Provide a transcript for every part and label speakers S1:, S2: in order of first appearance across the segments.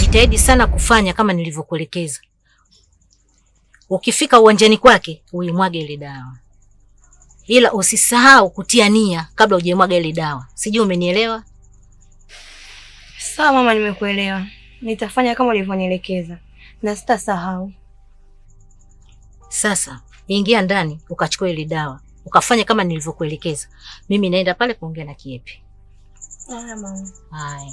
S1: Jitahidi sana kufanya kama nilivyokuelekeza. Ukifika uwanjani kwake uimwage ile dawa, ila usisahau kutia nia kabla hujaimwaga ile dawa. Sijui umenielewa?
S2: Sawa mama, nimekuelewa. Nitafanya kama ulivyonielekeza na sitasahau.
S1: Sasa ingia ndani ukachukua ile dawa ukafanya kama nilivyokuelekeza. Mimi naenda pale kuongea na Kiepi.
S2: Haya mama.
S1: Haya.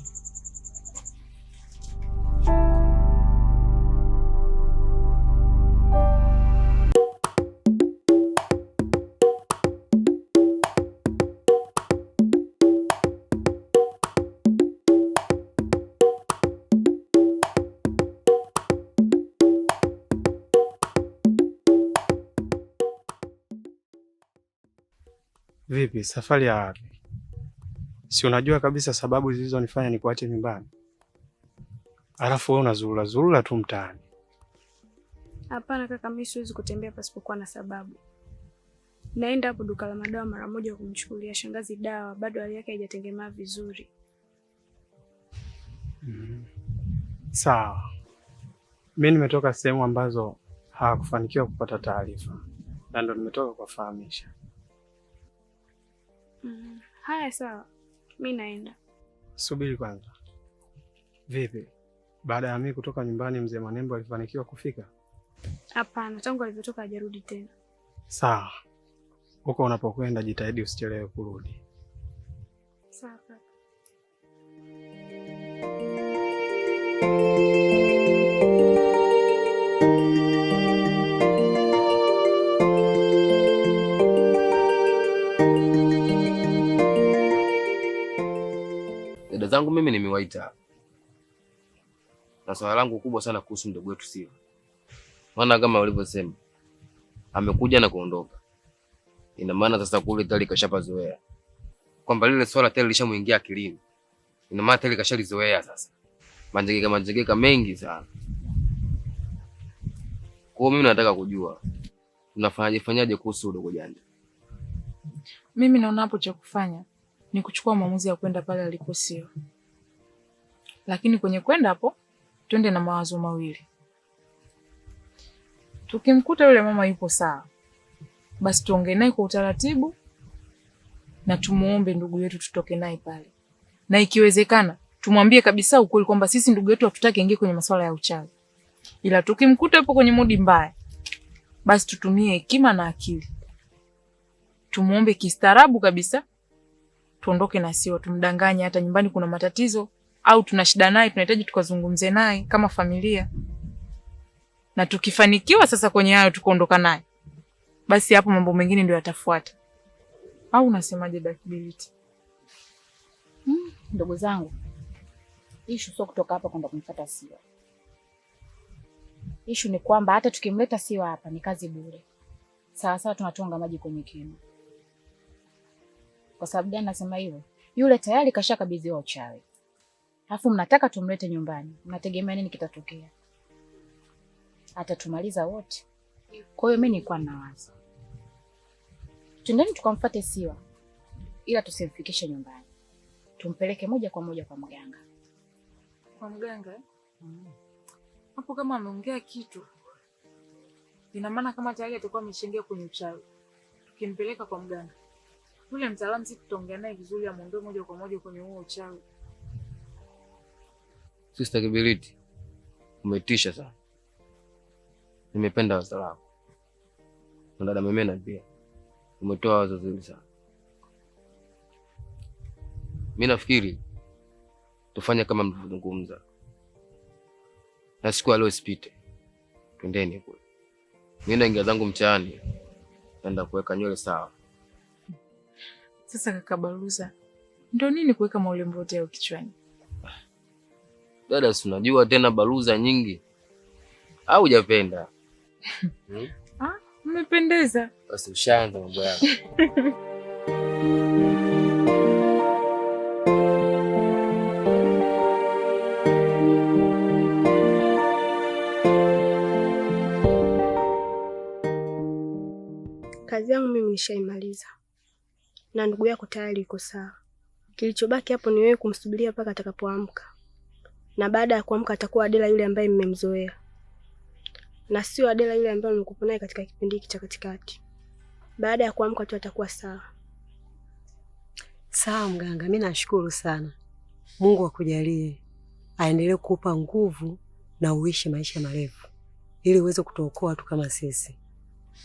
S3: Vipi safari ya wapi? Si unajua kabisa sababu zilizonifanya nikuache nyumbani alafu wewe unazurura zurura tu mtaani.
S2: Hapana kaka, mimi siwezi kutembea pasipokuwa na sababu. Naenda hapo duka la madawa mara moja kumchukulia shangazi dawa, bado hali yake haijatengemaa vizuri.
S3: Mm. Sawa, mi nimetoka sehemu ambazo hawakufanikiwa kupata taarifa na ndo nimetoka kuwafahamisha.
S2: Mm. Haya, sawa, mi naenda.
S3: Subiri kwanza, vipi baada ya mimi kutoka nyumbani, mzee Manembo alifanikiwa kufika?
S2: Hapana, tangu alivyotoka hajarudi tena.
S3: Sawa, huko unapokwenda jitahidi usichelewe kurudi.
S2: Sawa.
S4: Dada zangu mimi nimewaita na swala langu kubwa sana kuhusu mdogo wetu Siva, maana kama ulivyosema amekuja na kuondoka, ina maana sasa kule tayari kashapazoea kwamba lile swala tayari lishamuingia akilini, ina maana tayari kashalizoea sasa manjegeka manjegeka mengi sana. Kwa mimi nataka kujua unafanyaje fanyaje kuhusu udogo janja.
S2: Mimi naona hapo cha kufanya ni kuchukua maamuzi ya kwenda pale alipo Siva, lakini kwenye kwenda hapo twende na mawazo mawili. Tukimkuta yule mama yupo sawa, basi tuongee naye kwa utaratibu na tumuombe ndugu yetu tutoke naye pale, na ikiwezekana tumwambie kabisa ukweli kwamba sisi ndugu yetu hatutaki ingie kwenye masuala ya uchawi, ila tukimkuta yupo kwenye mudi mbaya, basi tutumie hekima na akili, tumuombe kistaarabu kabisa tuondoke na sio tumdanganye hata nyumbani kuna matatizo au tuna shida naye, tunahitaji tukazungumze naye kama familia, na tukifanikiwa sasa kwenye hayo tukaondoka naye, basi hapo mambo mengine ndio yatafuata. Au unasemaje Dakibiliti?
S1: Hmm, ndugu zangu, ishu sio kutoka hapa kwenda kumfuata Siwa. Ishu ni kwamba hata tukimleta Siwa hapa ni kazi bure, sawasawa tunatonga maji kwenye kinu. Kwa sababu gani nasema hivyo? Yule tayari kashakabidhiwa uchawi Alafu mnataka tumlete nyumbani, mnategemea nini kitatokea? Atatumaliza wote. Kwa hiyo mi nilikuwa na wazo, twendeni tukamfate Siwa, ila tusimfikishe nyumbani, tumpeleke moja kwa moja kwa mganga.
S2: Kwa mganga hapo? Hmm. Kama ameongea kitu, ina maana kama tayari atakuwa ameshaingia kwenye uchawi. Tukimpeleka kwa mganga yule mtaalamu, si tutaongea naye vizuri, amwondoe moja kwa moja kwenye huo uchawi.
S4: Sister Kibiriti, umetisha sana. Nimependa wazo lako na dada Memena pia, umetoa wazo zuri sana. mi nafikiri tufanye kama mlivyozungumza, na siku leo isipite, twendeni kule. Mimi naingia zangu mchani naenda kuweka nywele sawa.
S2: Sasa kaka Baruza, nini kuweka maulembo yote kichwani?
S4: Dada, si unajua tena baruza nyingi au hujapenda?
S2: hmm? Ah, umependeza.
S4: Basi ushaanza mambo yako.
S2: Kazi yangu mimi nishaimaliza na ndugu yako tayari iko sawa. Kilichobaki hapo ni wewe kumsubiria mpaka atakapoamka na baada ya kuamka atakuwa Adela yule ambaye mmemzoea na sio Adela yule ambaye mlikuwa naye katika kipindi hiki cha katikati. Baada ya kuamka tu atakuwa sawa
S1: sawa. Mganga, mimi nashukuru sana. Mungu akujalie, aendelee kukupa nguvu na uishi maisha marefu, ili uweze kutuokoa watu kama sisi.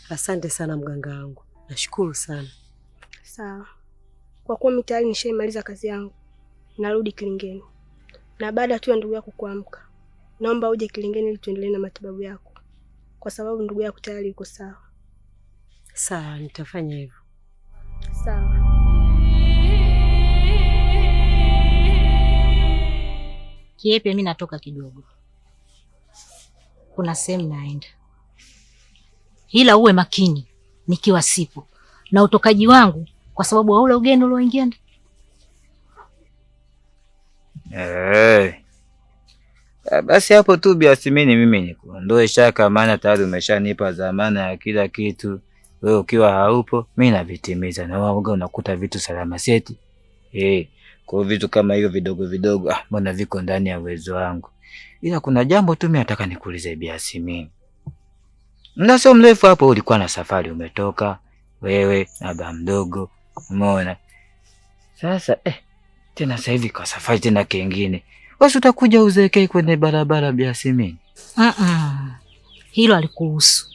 S1: Asante sana mganga wangu, nashukuru sana.
S2: Sawa, kwa kuwa mitaali nishaimaliza kazi yangu, narudi kilingeni na baada tu ya ndugu yako kuamka, naomba uje Kilingeni ili tuendelee na matibabu yako, kwa sababu ndugu yako tayari yuko sawa.
S1: Sawa, nitafanya hivyo. Sawa. Kiepe, mi natoka kidogo, kuna sehemu naenda, ila uwe makini nikiwa sipo na utokaji wangu, kwa sababu wa ule ugeni ulioingia
S5: Eh. Basi hapo tu biasimini, mimi nikuondoe shaka, maana tayari umeshanipa dhamana ya kila kitu. Wewe ukiwa haupo mimi navitimiza, na wewe unakuta vitu salama seti. Eh. Kwa vitu kama hivyo vidogo vidogo, ah, mbona viko ndani ya uwezo wangu, ila kuna jambo tu mimi nataka nikuulize biasimini. Mda sio mrefu hapo ulikuwa na safari umetoka wewe na baba mdogo, umeona sasa eh tena sasa hivi kwa safari tena kengine, wewe utakuja uzekee kwenye barabara biasimini.
S1: mm -uh. Hilo alikuhusu,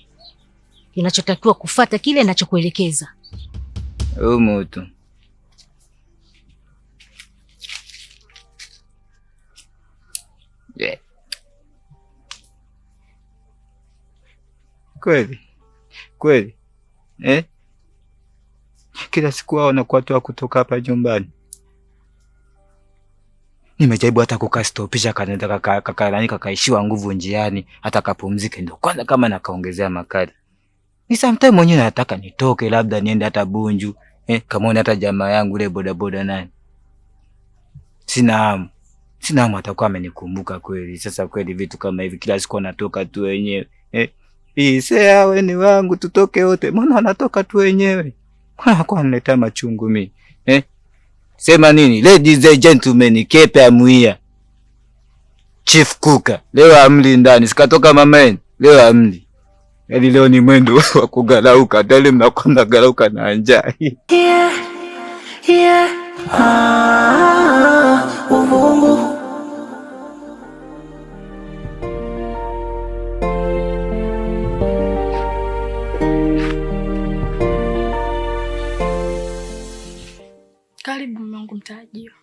S1: inachotakiwa kufata kile inachokuelekeza
S5: huyu mtu. yeah. Kweli kweli eh? Kila siku wao wanakuwa toa kutoka hapa nyumbani Nimejaribu hata kukaa stopisha, kaka kaka kakaishiwa nguvu njiani, hata kapumzike, ndo kwanza kama nakaongezea makali. Ni sometime mwenyewe nataka nitoke, labda niende hata Bunju eh, kamaona hata jamaa yangu ile bodaboda nani, sina hamu, sina hamu, atakuwa amenikumbuka kweli. Sasa kweli vitu kama hivi kila siku anatoka tu wenyewe eh, ise awe ni wangu, tutoke wote, maana anatoka tu wenyewe, kwa nileta machungu mimi eh sema nini? Ladies and gentlemen, kepe amuia Chief Kuka leo amli ndani sikatoka mama yenu leo amli yaani, leo ni mwendo wa kugarauka tele, mnakwenda garauka na njaa yeah, yeah. ah, ah, ah.
S2: Karibu mume wangu mtarajiwa.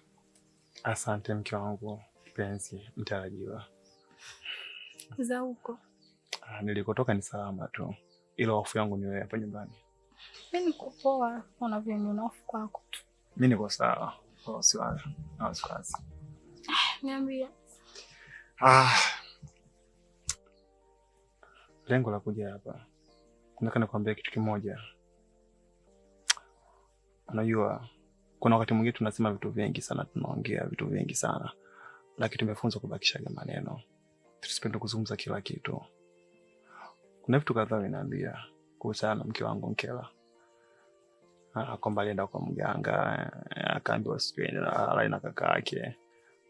S3: Asante mke wangu penzi mtarajiwa.
S2: Za huko
S3: Ah, nilikotoka ni salama tu, ila hofu yangu ni wewe hapa nyumbani.
S2: Mimi niko poa, unavyoniona hofu kwako tu.
S3: Mimi niko sawa, wasiwasi oh, na ah, wasiwasi.
S2: Ah, Niambia.
S3: Ah, lengo la kuja hapa, nataka nikwambia kitu kimoja. Unajua kuna wakati mwingine tunasema vitu vingi sana, tunaongea vitu vingi sana, lakini tumefunzwa kubakishaga maneno, tusipende kuzungumza kila kitu. Kuna vitu kadhaa vinaambia kuhusiana na mke wangu Nkela kwamba alienda kwa mganga akaambiwa sijui alai na kaka yake.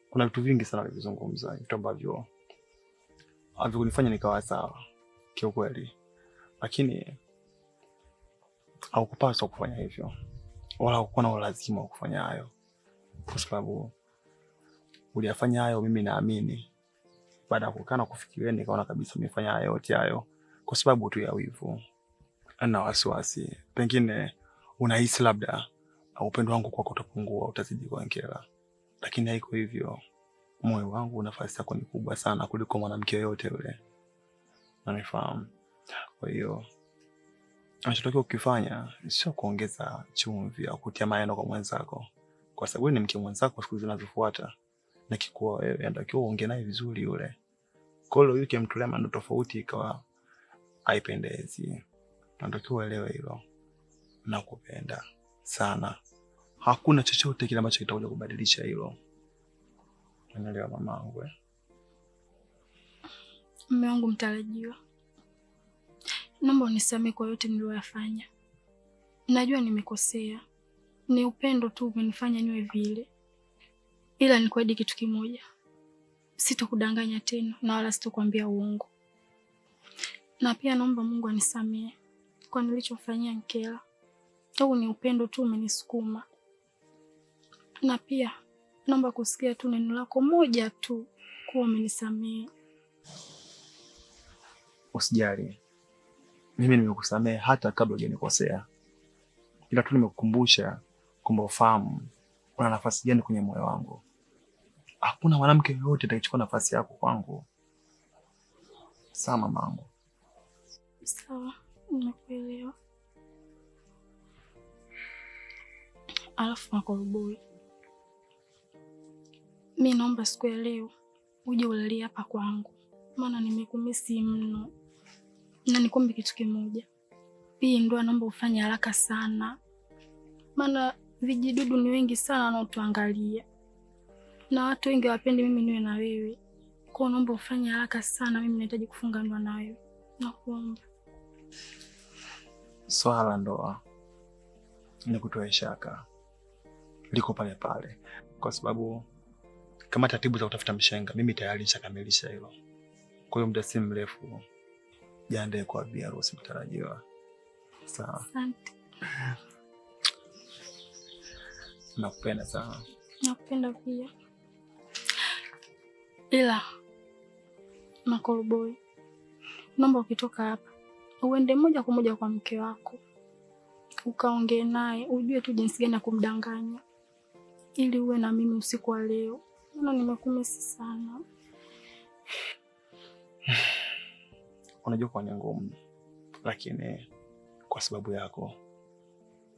S3: Kuna vitu vingi sana alivyozungumza, vitu ambavyo havikunifanya nikawa sawa kiukweli, lakini haukupaswa kufanya hivyo wala hakukuwa na ulazima wa kufanya hayo, kwa sababu uliyafanya hayo, mimi naamini baada ya kukaa na kufikiria, nikaona kabisa umefanya hayo yote hayo kwa sababu tu ya wivu na wasiwasi. Pengine unahisi labda upendo wangu kwako utapungua, utazidi kuongera, lakini haiko hivyo. Moyo wangu, nafasi yako ni kubwa sana kuliko mwanamke yoyote yule, nanifahamu. Kwa hiyo Unachotakiwa kukifanya sio kuongeza chumvi au kutia maneno kwa mwenzako, kwa sababu ni mke mwenzako siku zinazofuata, na kikuwa wewe anatakiwa uongee naye vizuri yule. Kwa hiyo yule kimtolea maneno tofauti ikawa haipendezi. Unatakiwa uelewe hilo. Nakupenda sana, hakuna chochote kile ambacho kitakuja kubadilisha hilo. Unaelewa mamangu eh?
S2: Mume wangu mtarajiwa. Naomba unisamehe kwa yote niliyoyafanya. Najua nimekosea, ni upendo tu umenifanya niwe vile, ila nikuahidi kitu kimoja, sitokudanganya tena na wala sitokuambia uongo. Na pia naomba Mungu anisamehe kwa nilichofanyia Nkela, au ni upendo tu umenisukuma. Na pia naomba kusikia tu neno lako moja tu kuwa umenisamehe.
S3: Usijali, mimi nimekusamehe hata kabla hujanikosea, ila tu nimekukumbusha kwamba ufahamu una nafasi gani kwenye moyo wangu. Hakuna mwanamke yoyote atakayechukua nafasi yako kwangu. Sawa mamangu?
S2: Sawa, nakuelewa. Alafu Makoroboi, mi naomba siku ya leo uje ulalie hapa kwangu, maana nimekumisi mno na nikwambie kitu kimoja, pii ndoa naomba ufanye haraka sana, maana vijidudu ni wengi sana wanaotuangalia na watu wengi wapendi mimi niwe na wewe. Kwa naomba ufanye haraka sana, mimi nahitaji kufunga ndoa na wewe, nakuomba.
S3: Swala la ndoa ni kutoa shaka liko pale pale, kwa sababu kama taratibu za kutafuta mshenga, mimi tayari nishakamilisha hilo. Kwa hiyo muda si mrefu jiandae kwa bi harusi mtarajiwa. Sawa, nakupenda sana.
S2: Nakupenda pia, ila Makoroboi, naomba ukitoka hapa uende moja kwa moja kwa mke wako ukaongee naye, ujue tu jinsi gani ya kumdanganya ili uwe na mimi usiku wa leo. Ona nimekumisi sana.
S3: unajua kwa kwani ngumu, lakini kwa sababu yako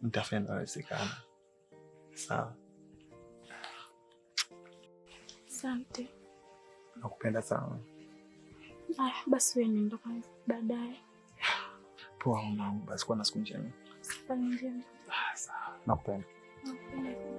S3: nitafanya inawezekana. Sawa,
S2: asante.
S3: Nakupenda sana.
S2: Aya, basi wewe nenda kwanza, baadaye.
S3: Poa mwanangu, basi kuwa na siku njema.
S2: Siku njema.
S3: Ah, Nakupenda. Nakupenda.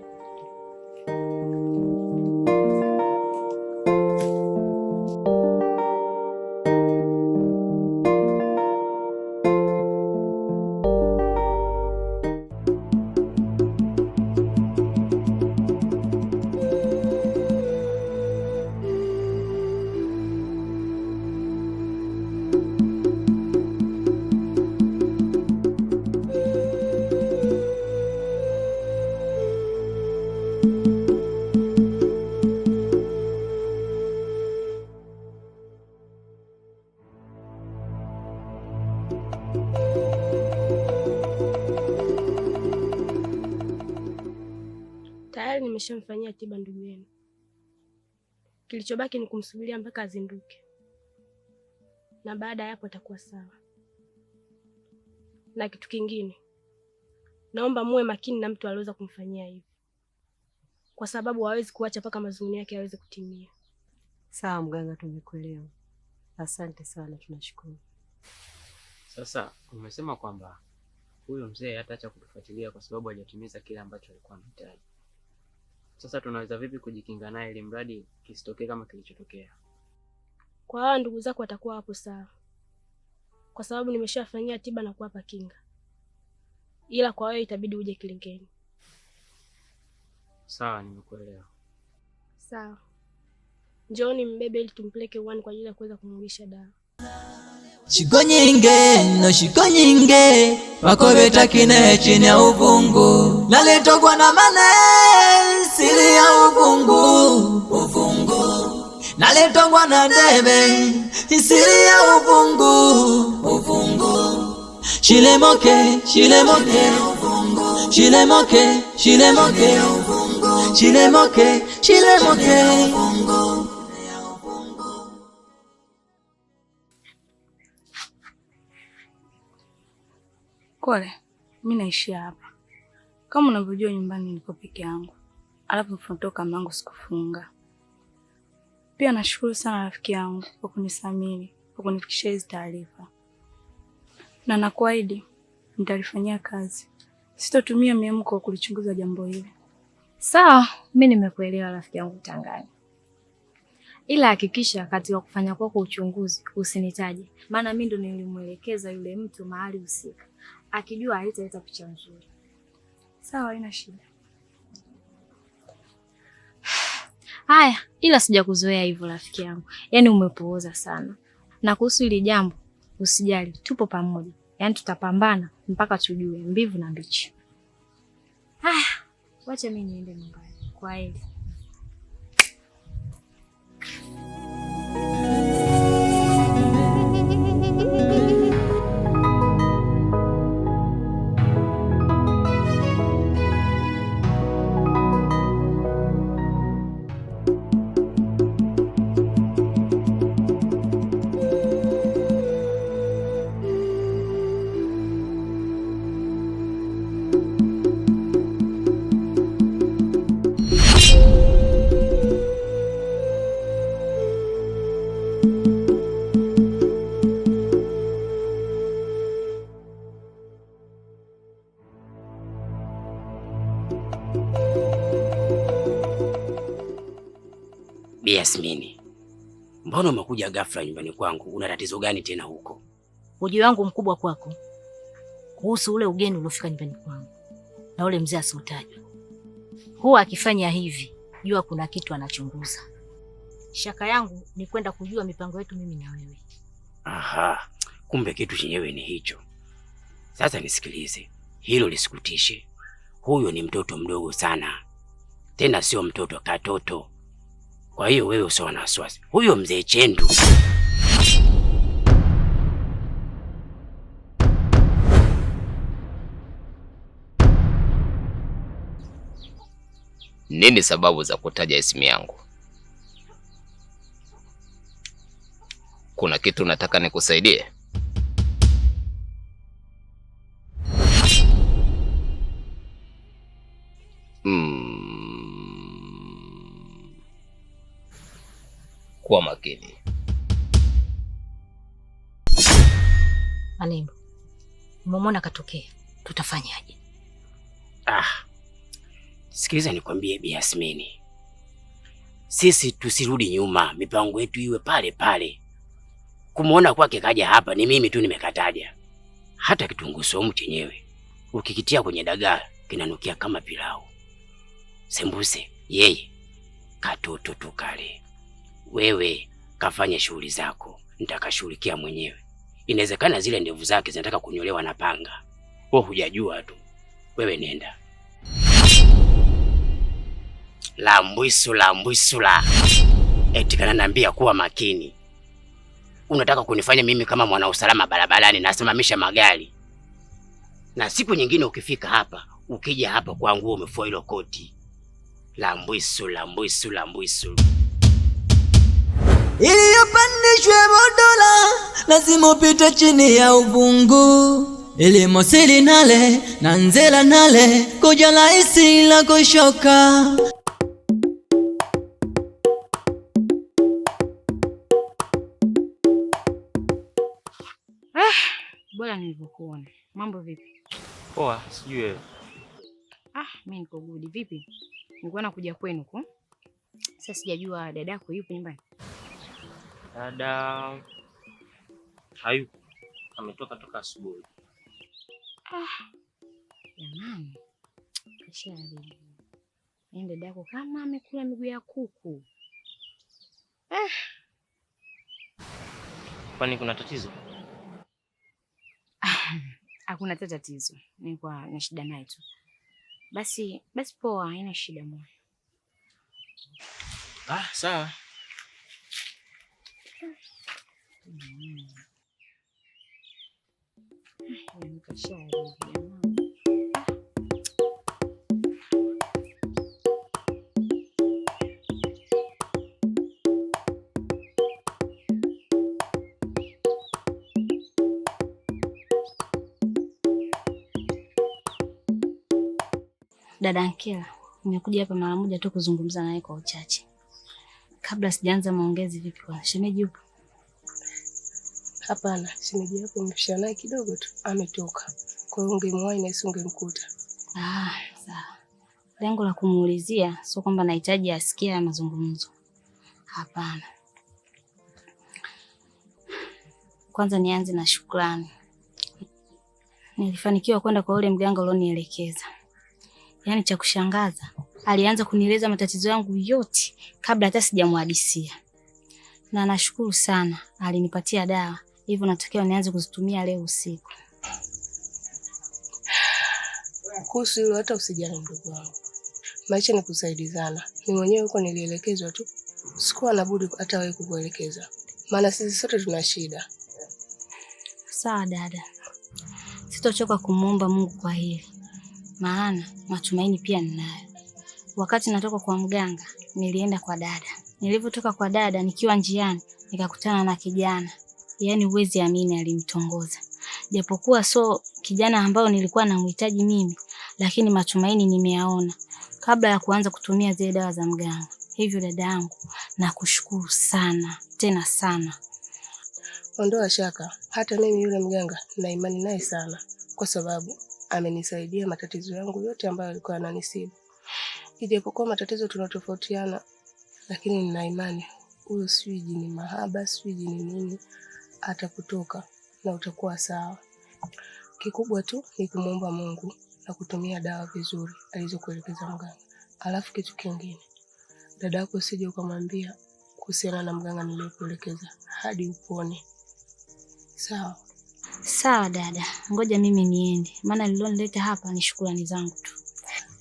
S2: Kilichobaki ni kumsubiria mpaka azinduke, na baada ya hapo atakuwa sawa. Na kitu kingine, naomba muwe makini na mtu aliweza kumfanyia hivyo, kwa sababu hawezi kuacha mpaka mazungumzo yake yaweze kutimia.
S1: Sawa mganga, tumekuelewa. Asante sana, tunashukuru.
S3: Sasa umesema kwamba huyo mzee hataacha kutufuatilia kwa sababu hajatimiza kile ambacho alikuwa anahitaji. Sasa tunaweza vipi kujikinga naye ili mradi kisitokee kama kilichotokea?
S2: Kwa hawa ndugu zako watakuwa hapo sawa, kwa sababu nimeshafanyia tiba na kuwapa kinga, ila kwa wewe itabidi uje Kilingeni.
S3: Sawa, nimekuelewa.
S2: Sawa, njooni mbebe ili tumpeleke uani kwa ajili ya kuweza kumwilisha dawa. Shigo nyinge no shigo nyinge wakobeta kine chini ya uvungu naletogwa na mane siri ya uvungu uvungu naletogwa na debe siri ya uvungu uvungu shilemoke shilemoke uvungu shilemoke shilemoke uvungu shilemoke shilemoke uvungu Kole, mimi naishia hapa. Kama unavyojua nyumbani niko peke yangu, alafu mfunatoka mangu sikufunga. Pia nashukuru sana rafiki yangu kwa kunisamini, kwa kunifikishia hizi taarifa, na nakuahidi nitalifanyia kazi, sitotumia miamko kulichunguza jambo hili.
S1: Sawa, mimi nimekuelewa rafiki yangu Tangani, ila hakikisha katika kufanya kwako uchunguzi usinitaje, maana mimi ndo nilimwelekeza yule mtu mahali husika akijua haitaleta picha nzuri.
S2: Sawa, haina shida.
S1: Haya, ila sija kuzoea hivyo rafiki yangu, yaani umepooza sana. Na kuhusu hili jambo usijali, tupo pamoja, yaani tutapambana mpaka tujue mbivu na mbichi. Haya, wacha mimi niende nyumbani. Kwaheri.
S6: unakuja ghafla nyumbani kwangu, una tatizo gani tena huko?
S1: Uji wangu mkubwa kwako kuhusu ule ugeni uliofika nyumbani kwangu na ule mzee asiotajwa. Huwa akifanya hivi, jua kuna kitu anachunguza. Shaka yangu ni kwenda kujua mipango yetu mimi na wewe.
S6: Aha, kumbe kitu chenyewe ni hicho. Sasa nisikilize, hilo lisikutishe. Huyo ni mtoto mdogo sana, tena sio mtoto katoto kwa hiyo wewe usiwe na wasiwasi, huyo mzee Chendu
S7: Nini sababu za kutaja isimu yangu? Kuna kitu nataka nikusaidie? Mm. kuwa makini.
S1: Manembo, umemwona katokea, tutafanyaje?
S6: Ah, sikiliza nikwambie, Bi Yasmini, sisi tusirudi nyuma, mipango yetu iwe pale pale. Kumwona kwake kaja hapa ni mimi tu nimekataja. Hata kitunguu saumu chenyewe ukikitia kwenye dagaa kinanukia kama pilau. Sembuse yeye katoto tukale wewe kafanye shughuli zako, nitakashughulikia mwenyewe. Inawezekana zile ndevu zake zinataka kunyolewa na panga, wewe hujajua tu. Wewe nenda. Lambwisula mbwisula, eti kananiambia kuwa makini. Unataka kunifanya mimi kama mwana usalama barabarani nasimamisha magari, na siku nyingine ukifika hapa, ukija hapa kwangu umefua hilo koti. Lambwisu lambwisu lambwisu ili yapandishwe bodola lazima upite chini ya uvungu ili mosili nale na nzela nale
S1: kuja laisi la kushoka ah, Bora nilivyokuona. Mambo vipi?
S3: Poa, sijui wewe.
S1: Ah, mimi niko good. Vipi? Nilikuwa nakuja kwenu huko. Sasa sijajua dadako yupo nyumbani.
S3: Dada hayuko, ametoka toka asubuhi.
S1: Ah, jamani, kashari ende dako kama amekula miguu ya kuku. Ah,
S3: kwani kuna tatizo?
S1: Ah, hakuna ta tatizo, ni kwa na shida naye tu. Basi basi, poa, haina shida moyo.
S3: Ah, sawa
S1: Dada Ankela, nimekuja hapa mara moja tu kuzungumza naye kwa uchache, kabla sijaanza maongezi. Vipi kwa shemeji, upo?
S8: Hapana, shemeji yako naye kidogo tu ametoka. Kwa hiyo ungemwahi na si ungemkuta.
S1: Ah, sawa. Lengo la kumuulizia sio kwamba nahitaji asikie ya mazungumzo. Hapana. Kwanza nianze na shukrani. Nilifanikiwa kwenda kwa yule mganga ulionielekeza. Yaani cha kushangaza, alianza kunieleza matatizo yangu yote kabla hata sijamhadisia. Na nashukuru sana, alinipatia dawa hivyo natakiwa nianze kuzitumia leo usiku.
S8: Kuhusu hilo hata usijali ndugu wangu, maisha ni kusaidizana. Ni mwenyewe huko nilielekezwa tu, sikuwa na budi hata wewe kukuelekeza, maana sisi sote tuna shida.
S1: Sawa dada, sitochoka kumwomba Mungu kwa hili, maana matumaini pia ninayo. Wakati natoka kwa mganga, nilienda kwa dada. Nilivyotoka kwa dada, nikiwa njiani nikakutana na kijana yaani huwezi amini alimtongoza. Japokuwa so kijana ambao nilikuwa namhitaji mimi, lakini matumaini nimeyaona kabla ya kuanza kutumia zile dawa za mganga. Hivyo dada yangu, nakushukuru sana tena sana.
S8: Ondoa shaka, hata mimi yule mganga na imani naye sana, kwa sababu amenisaidia matatizo yangu yote ambayo alikuwa ananisibu. Ijapokuwa matatizo tunatofautiana, lakini nina imani huyo sijui jini mahaba, sijui jini nini, atakutoka na utakuwa sawa. Kikubwa tu ni kumwomba Mungu na kutumia dawa vizuri alizokuelekeza mganga. Alafu kitu kingine, dada yako usije ukamwambia kuhusiana na mganga niliyekuelekeza hadi upone. Sawa
S1: sawa dada, ngoja mimi niende, maana lilonileta hapa ni shukrani zangu tu.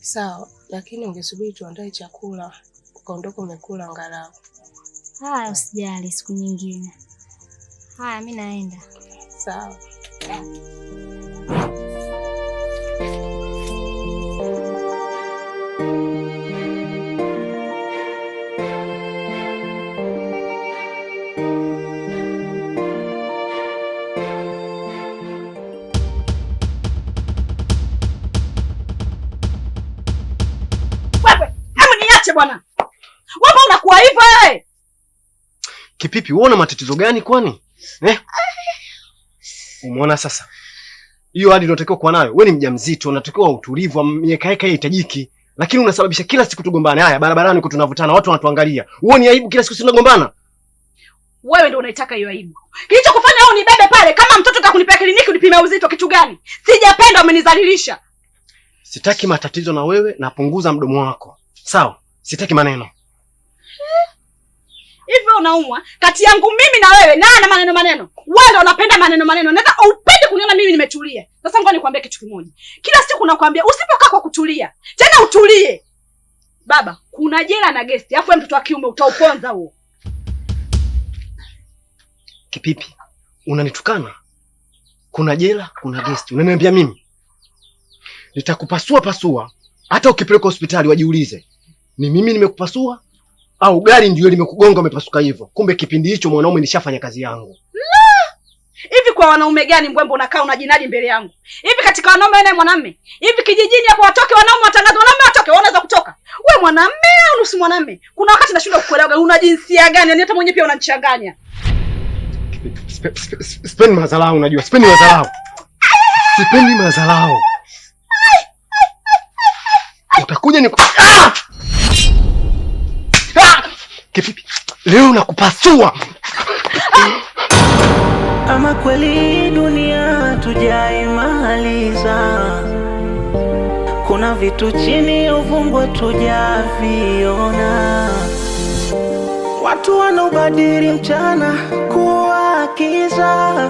S8: Sawa, lakini ungesubiri tuandae chakula ukaondoka umekula angalau.
S1: Haya, usijali, siku nyingine. Haya, mi naenda.
S8: Sawa.
S9: Bwana, wewe unakuwa hivyo eh?
S10: Kipipi, wewe una matatizo gani kwani? eh? Umeona sasa, hiyo hadi unatakiwa kuwa nayo. Wewe ni mjamzito, unatakiwa utulivu, miaka yake haitajiki, lakini unasababisha kila siku tugombane. Haya, barabarani kwetu tunavutana, watu wanatuangalia. Wewe ni aibu, kila siku tunagombana.
S9: Wewe ndio unaitaka hiyo aibu. Kilichokufanya wewe unibebe pale kama mtoto ka kunipea kliniki unipime uzito kitu gani? Sijapenda, umenizalilisha.
S10: Sitaki matatizo na wewe, napunguza mdomo wako. Sawa? Sitaki maneno
S9: hivyo unaumwa kati yangu mimi na wewe, na na maneno maneno, wewe ndio unapenda maneno maneno, nataka upende kuniona mimi nimetulia. Sasa ngoja nikwambie kitu kimoja, kila siku nakwambia usipokaa kwa kutulia tena utulie. Baba, kuna jela na gesti, afu mtoto wa kiume utauponza huo.
S10: Kipipi, unanitukana? Kuna jela, kuna gesti, unaniambia mimi nitakupasua pasua, hata ukipeleka hospitali wajiulize ni mimi nimekupasua au gari ndio limekugonga umepasuka hivyo? Kumbe kipindi hicho mwanaume nishafanya kazi yangu.
S9: La! Hivi kwa wanaume gani mbwembo unakaa unajinadi mbele yangu? Hivi katika wanaume wewe mwanamme? Hivi kijijini hapo watoke wanaume watangaza wanaume watoke, wanaweza kutoka. Wewe mwanamme au nusu mwanamme? Kuna wakati nashindwa kukuelewa una jinsia gani? Yaani hata mwenyewe pia unanichanganya.
S10: Sipendi madharau, unajua. Sipendi madharau. Sipendi madharau. Utakuja ni ah! Ah! Kifupi, leo nakupasua.
S11: Ama kweli dunia tujaimaliza, kuna vitu chini uvungwa tujaviona, watu wanaobadili mchana kuwa kiza.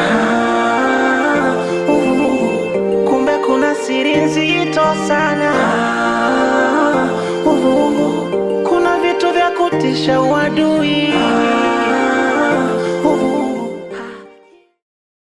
S11: Ah, uh, kumbe kuna siri nzito sana ah, uh, kuna vitu vya kutisha uadui ah,